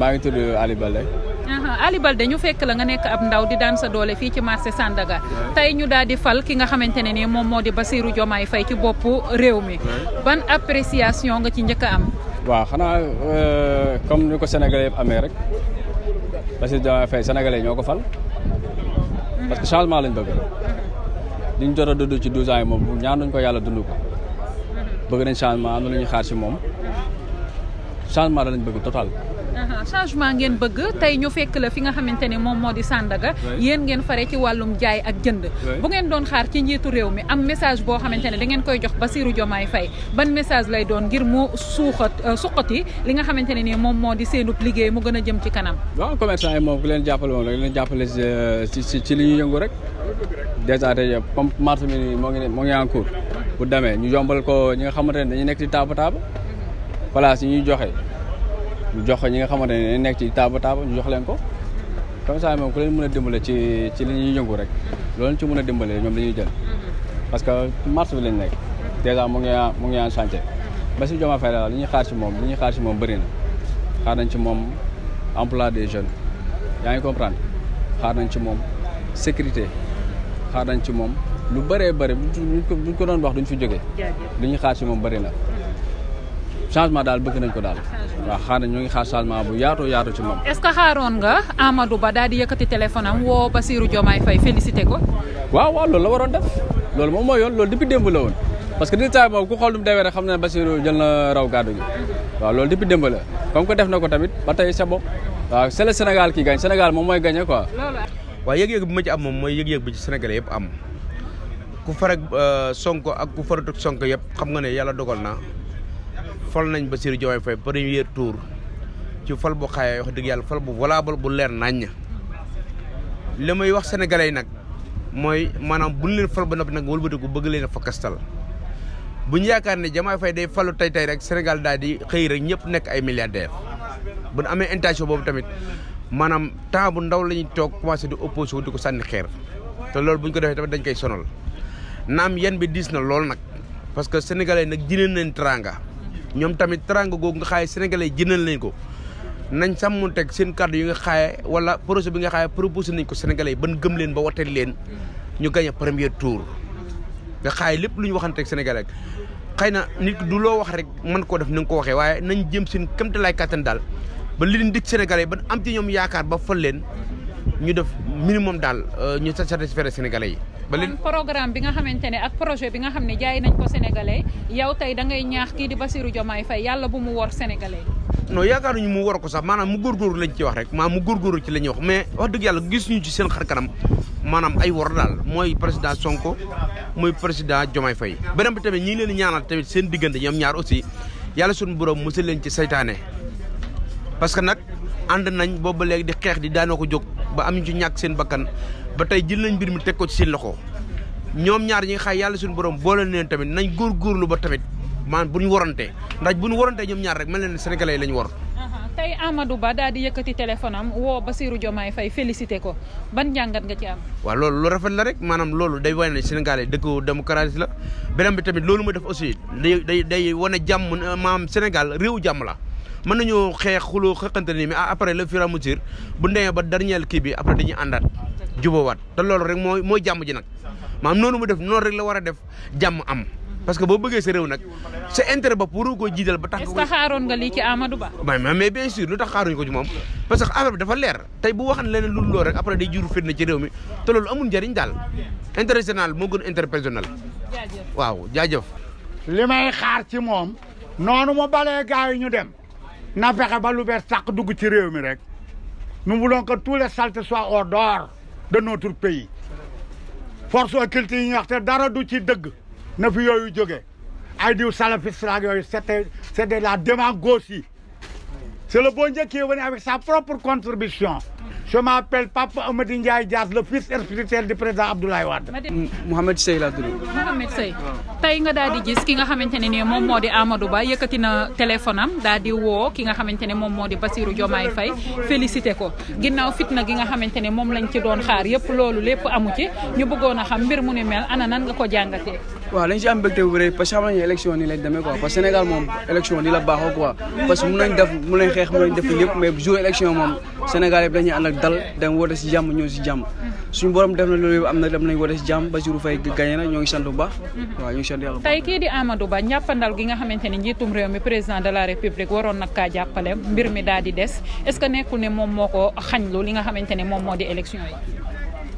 maa ngi tudd Ali Balde. ñu fekk la nga nekk ab ndaw di daan sa doole fii ci marché Sandaga tey ñu daal di fal ki nga xamante ne nii moom moo di basiiru Diomaye Faye ci boppu réew mi. ban appréciation nga ci njëkk a am. waaw xanaa euh, comme ni ko sénégalais yëpp amee rek Bassirou Diomaye Faye sénégalais ñoo ko fal. Mhm. parce que changement lañ bëgg. li ñu jot a dund ci 12 ans yi moom ñaan nañ ko yàlla dund ko. Mhm. bëgg nañ changement am na xaar si moom. Mhm. changement la lañ bëgg total. changement ngeen bëgg tey ñu fekk la fi nga xamante ne moom moo di Sandaga yéen ngeen fare ci wàllum jaay ak jënd bu ngeen doon xaar ci njiitu réew mi am message boo xamante ne da ngeen koy jox Bassirou Diomaye Faye ban message lay doon ngir mu suuxat euh, suqati li nga xamante ne ni moom moo di seenub liggéey mu gën a jëm ci kanam waaw commerçant yi moom ku leen jàppale moom rek leen jàppale ci euh, ci li ñu yëngu rek dèjà tey comme marché mi moo ngi moo ngi en bu demee ñu yombal ko ñi nga xamante ne dañu nekk ci taaba taaba mhm. place yi ñuy joxe ñu jox ñi nga xamante ne nekk ci taaba taaba ñu jox leen ko comme ça moom ku leen mën a dimbale ci ci li ñuy rek loolu ci mun a dimbale ñoom dañuy jël mm-hmm. parce que marché bi lañ nekk dèjà mu ngi mu ngi en chantier mm-hmm. ba si Diomaye li ñuy xaar ci moom li ñuy xaar ci moom bëri na xaar nañ ci moom emploi des jeunes yaa ngi comprendre xaar nañ ci moom sécurité xaar nañ ci moom lu bëree bëri buñ ko doon wax duñ fi jógee li ñuy xaar ci moom bëri na mm-hmm. changement daal bëgg nañ ko daal waaw xaar na ñu ngi xaar changement bu yaatu yaatu ci moom. est-ce que xaaroon nga Amadou Ba daal di yëkkati téléphone am woo Bassirou Diomaye Faye félicité ko. waaw waaw loolu la waroon def loolu moom mooy yoon loolu depuis démb la woon parce que résultat boobu ku xool na ne Bassirou jël na raw gàddu gi waaw loolu depuis la comme def na ko tamit ba tey sa bo waaw senegal le Sénégal qui moom mooy gagné ko waaye yëg-yëg bi ma ci am moom mooy yëg-yëg bi ci Sénégalais yëpp am ku far ak euh, Sonko ak ku farut ak yëpp xam nga ne yàlla dogal na fal nañ ba Bassirou Diomaye Faye premier tour ci fal bu xaye wax dëgg yàlla fal bu valable bu leer naññ li may wax sénégalais yi nag mooy maanaam buñ leen fal ba noppi nag wëlbatiku bëgg leen a fakastal bu ñu yaakaar ne Diomaye Faye day falu tey tey rek Sénégal daal di xëy rek ñëpp nekk ay milliardaire bu ñu amee intention boobu tamit maanaam temps bu ndaw la ñuy toog commencé di opposé wu di ko sànni xeer te loolu bu ñu ko defee tamit dañ koy sonal naam yan bi diis na lool nag parce que sénégalais nag jëlee nañ teraanga ñoom tamit teranga googu nga xaaye sénégalais jënal nañ ko nañ sàmmu teg seen kàddu yi nga xaaye wala projet bi nga xaaye proposé nañ ko sénégalais yi ban gëm leen ba woteel leen ñu gagné premier tour nga xaaye lépp lu ñu waxante ak sénégalais xëy na nit du loo wax rek mën koo def nu nga ko waxee waaye nañ jëm seen kémte lay daal ba li leen dig sénégalais ban am ci ñoom yaakaar ba fal leen ñu def minimum daal euh, ñu satisfaire sénégalais yi ba leen programme bi nga xamante ne ak projet bi nga xam ne jaay nañ ko sénégalais yow tey da ngay ñaax kii di Bassirou Diomaye Faye yàlla bu mu wor sénégalais non yaakaaruñu mu war ko sax maanaam mu góorgóorlu lañ ci wax rek maanaam mu góorgóorlu ci la ñuy wax mais wax dëgg yàlla gis ñu ci seen xar kanam maanaam ay war daal mooy président Sonko mooy président Diomaye fay beneen bi tamit ñi ngi leen ñaanal tamit seen diggante ñoom ñaar aussi yàlla suñu borom musal leen ci seytaane parce que nag ànd nañ booba léegi di xeex di daanoo ko jóg ba am ñu ñàkk seen bakkan ba tey jël nañ mbir mi teg ko ci seen loxo ñoom ñaar ñi nga xay yàlla suñu borom boole leen tamit nañ góorgóorlu ba tamit maanaam bu ñu warante ndax bu ñu warante ñoom ñaar rek mel na ne sénégalais lañ war. Uh-huh. tey Amadou Ba daal di yëkkati téléphone am woo Bassirou Diomaye Faye félicité ko ban njàngat ci am. waaw loolu lu rafet la rek maanaam loolu day wane ne sénégalais dëkku démocratie la beneen bi tamit loolu ma def aussi day day day wane jàmm maanaam Sénégal réewu jàmm la. mën nañoo xeex xuloo xëqante ni mais après le fur et à bu ndemee ba dernier kii bi après dañuy àndaat. jubawaat te loolu rek mooy mooy jàmm ji nag maanaam noonu mu def noonu rek la war a def jàmm am parce que boo bëggee sa réew nag sa intérêt bopp waroo koo jiital ba tax. est-ce que xaaroon nga lii ci Amadou Ba. bien sûr lu tax xaaruñu ko ci moom parce que affaire bi dafa leer tey bu waxan leneen lu lool rek après day juru fitna ci réew mi te loolu amul njëriñ daal moo gën intérêt personnel. waaw jaajëf. li may xaar ci moom noonu mu balee gars yi ñu dem na fexe ba lu bees sàq dugg ci réew mi rek nous voulons que tous les saltés soient au dehors. de notre pays force occulte yi ñu waxte dara du ci dëgg na fi yooyu jógee ay diw salafiste laak yooyu c'était c'était la démagogie C'est le bon Dieu qui est venu avec sa propre contribution. Je m'appelle Papa Amadi Ndiaye Diaz, le fils spirituel du président Abdoulaye Wade. Mouhamed Seye laa tudd. Mouhamed Seye tey nga daal di gis ki nga xamante ne nii moom moo di Amadou Ba yëkkati na téléphone am daal di woo ki nga xamante ne moom moo di Bassirou Diomaye Faye félicité ko ginnaaw fitna gi nga xamante ne moom lañ ci doon xaar yëpp loolu lépp amu ci ñu bëggoon a xam mbir mu ni mel ana nan nga ko jàngatee. waaw dañ si am mbégte bu rëy parce que xam nañu élection nii lañ demee quoi parce que Sénégal moom élection nii la baaxoo quoi parce que mun nañ xeex mun nañ def lépp moom si jàmm ñëw si jàmm borom def na loolu yëpp am na dem nañ woote si jàmm Bassirou Faye gagné na ñoo ngi sant bu baax waaw ñoo ngi sant yàlla tey kii di Amadou Ba ñàppandal gi nga xamante ne njiitum réew mi président de la république waroon nag kaa jàppale mbir mi daal di des est ce que nekkul ne moom moo ko xañlu li nga xamante ne moom moo di élection yi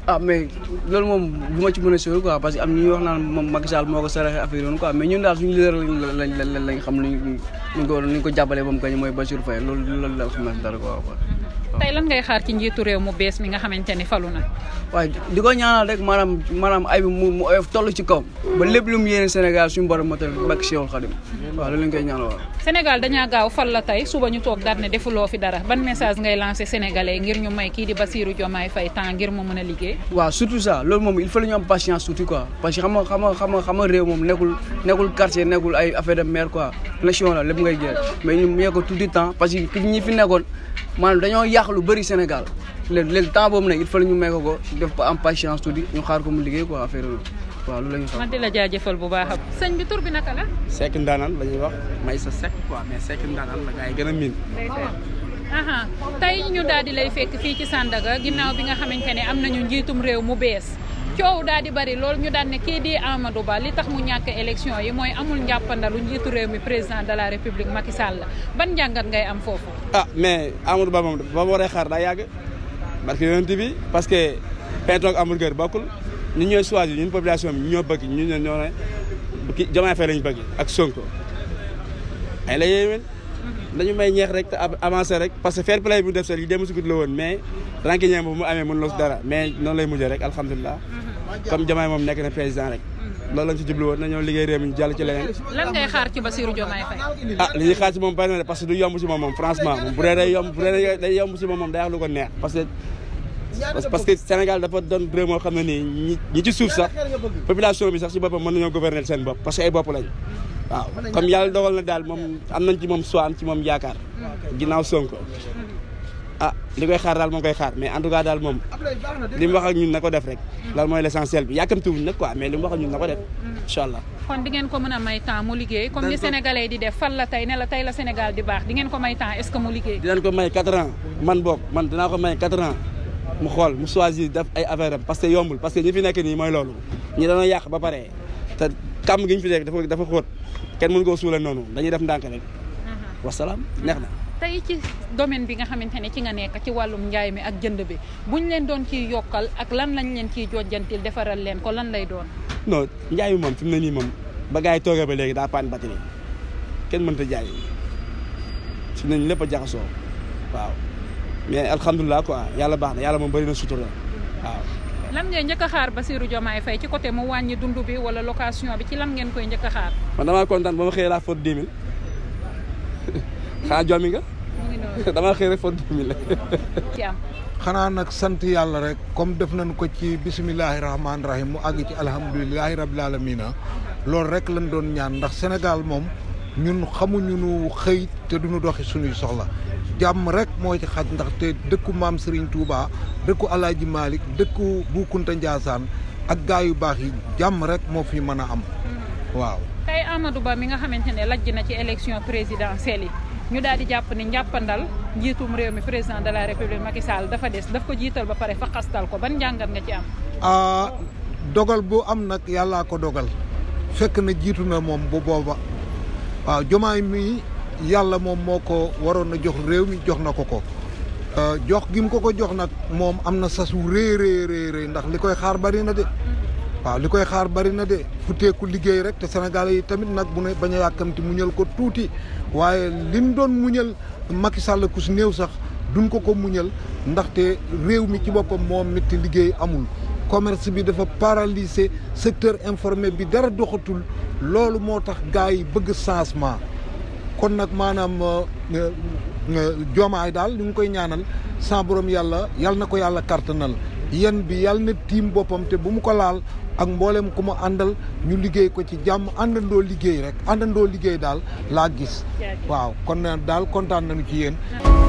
ah mais loolu moom bu ma ci mën a sori parce que am na ñuy wax naan moom moo ko saraxee affaire yoonu quoi mais ñun daal suñu leader lañ lañ xam ni ñu ko ni ko jàppalee ba mu mooy Bassirou Faye loolu loolu daal xam naa dara quoi. Oh. tey lan ngay xaar ci njiitu réew mu bees mi nga xamante ni falu na. waaye di ko ñaanal rek maanaam maanaam ay bi mu mu toll ci kaw. ba lépp lu mu yéene Sénégal suñu borom motal bakk gaaw fal la tey suba ñu toog daal ne fi dara may kii di Bassirou Diomaye Faye temps ngir mu mën a liggéey. waaw surtout ça loolu moom il faut la ñu am patience tuuti quoi parce que xam nga xam nga xam nga xam nga réew moom nekkul nekkul quartier nekkul ay affaire de maire quoi nation la lépp ngay jël mais ñu tout le temps parce que ñi fi nekkoon maanaam dañoo yàq lu bëri Sénégal léegi léegi temps boobu nag il faut ñu may ko def ko am patience tuuti ñu xaar ko mu liggéey quoi affaire yooyu waaw loolu la ñu xam. man di la jaajëfal bu baax a. bi tur bi naka la. Seck Ndaanaan la ñuy wax may sa Seck quoi mais Seck Ndaanaan la gars yi gën a miin. tey ñu daal di lay fekk fii ci Sandaga ginnaaw bi nga xamante ne am nañu njiitum réew mu bees coow daal di bari loolu ñu daan ne kii di Amadou Ba li tax mu ñàkk élection yi mooy amul njàppandalu njiitu réew mi président de la république Macky Sall ban njàngat ngay am foofu. ah mais Amadou Ba moom ba mu waree xaar daa yàgg barke yonent bi parce que pentoog amul gër bokkul ñu ñooy choisir ñun population bi ñoo bëgg ñu ne ñoo ne ki Diomaye Faye lañ bëgg ak Sonko ay la yéewén dañu may ñeex rek te avancé rek parce que fair play mu def sax li dem si guddi woon mais ranki ñeem boobu mu amee dara mais noonu lay mujjee rek alhamdulilah comme Diomaye moom nekk na président rek mm. loolu lañ si liggéey réew mi jàll ci leneen lan ci Bassirou Diomaye Faye ah li ñuy xaar moom bari na de parce que du yomb si moom moom franchement moom bu dee day yomb bu dee day yomb si moom moom day wax lu ko suuf sax population bi sax si boppam mën nañoo gouverner seen bopp bop que ay bopp lañ waaw comme yàlla dogal na daal moom am nañ moom soo am ci moom yaakaar mm. ginnaaw Sonko mm. ah li koy xaar daal moom koy xaar mais en tout cas daal moom li mu wax ak ñun na ko def rek loolu mooy l'essentiel bi yàkkamti wuñ nag mu wax ak ñun a may temps mu liggéey comme ni sénégalais di def fan la tey ne la tey la Sénégal di baax di ngeen ko may temps est-ce que mu liggéey dinañ ko may quatre ans man boog man dinaa ko may quatre ans mu xool mu choisir def ay affaire am parce que yombul parce que ñi fi nekk nii mooy loolu ñi dañoo yàq ba pare te kàmm gi ñu fi nekk dafa dafa xóot kenn mënu koo suule noonu mhm. na tey ci domaine bi nga xamante ni ci nga nekk ci wàllum njaay mi ak jënd bi buñ leen doon ciy yokkal ak lan lañ leen ciy jojjantil defaral leen ko lan lay doon. non njaay mi moom fi mu ne nii moom ba gars yi toogee ba léegi daa paan batterie kenn mënta jaay fi mu ne nii lépp a jaxasoo waaw mais alhamdulilah quoi yàlla baax na yàlla moom bëri na sutura waaw. lan ngay njëkk a xaar Bassirou Diomaye Faye ci côté mu wàññi dund bi wala location bi ci lan ngeen koy njëkk xaar. man damaa kontaan ba ma xëyee laa for 10 xanaa jommi nga. damaa xëy rek foofu xanaa nag sant yàlla rek comme def nañ ko ci bisimilahi rahmaani rahim mu àgg ci alhamdulilahi rabil alamina loolu rek lañ doon ñaan ndax Sénégal moom ñun xamuñu nu xëy te du duñu doxi suñuy soxla jàmm rek moo ci xaj ndax te dëkku maam Serigne Touba dëkku El Hadj Malick dëkku Boukounta Ndiassane ak gaa yu baax yi jàmm rek moo fi mën a am mm. waaw. tey Amadou Ba mi nga xamante ne lajj na ci élection président yi. ñu daal di jàpp ni njàppandal njiitum réew mi président de la république Macky dafa des daf ko jiital ba pare fa xastal ko ban njàngat nga ci am. Ah, dogal bu am nag yàllaa ko dogal fekk na jiitu na moom bu booba waaw jomaay mi yàlla moom moo ko waroon na jox réew mi jox na ko ko ah, jox gi mu ko ko jox nag moom am na sasu rëy rëy rëy ndax li koy xaar bari na de. waaw li koy xaar bari na de futeeku liggéey rek te Sénégalais yi tamit nag bu ne bañ a yàkkamti muñal ko tuuti waaye liñ doon muñal Macky Sall ku si néew sax duñ ko ko muñal ndaxte réew mi ci boppam moom métti liggéey amul. commerce bi dafa paralysé secteur informel bi dara doxatul loolu moo tax gars yi bëgg changement kon nag maanaam joomaay euh, euh, daal ñu ngi koy ñaanal sans borom yàlla yàlla na ko yàlla kàttanal. yan bi yàlla na tiim boppam te bu mu ko laal ak mbooleem ku ma àndal ñu liggéey ko ci jàmm àndandoo liggéey rek àndandoo liggéey daal laa gis. waaw kon daal kontaan nañu ci yéen.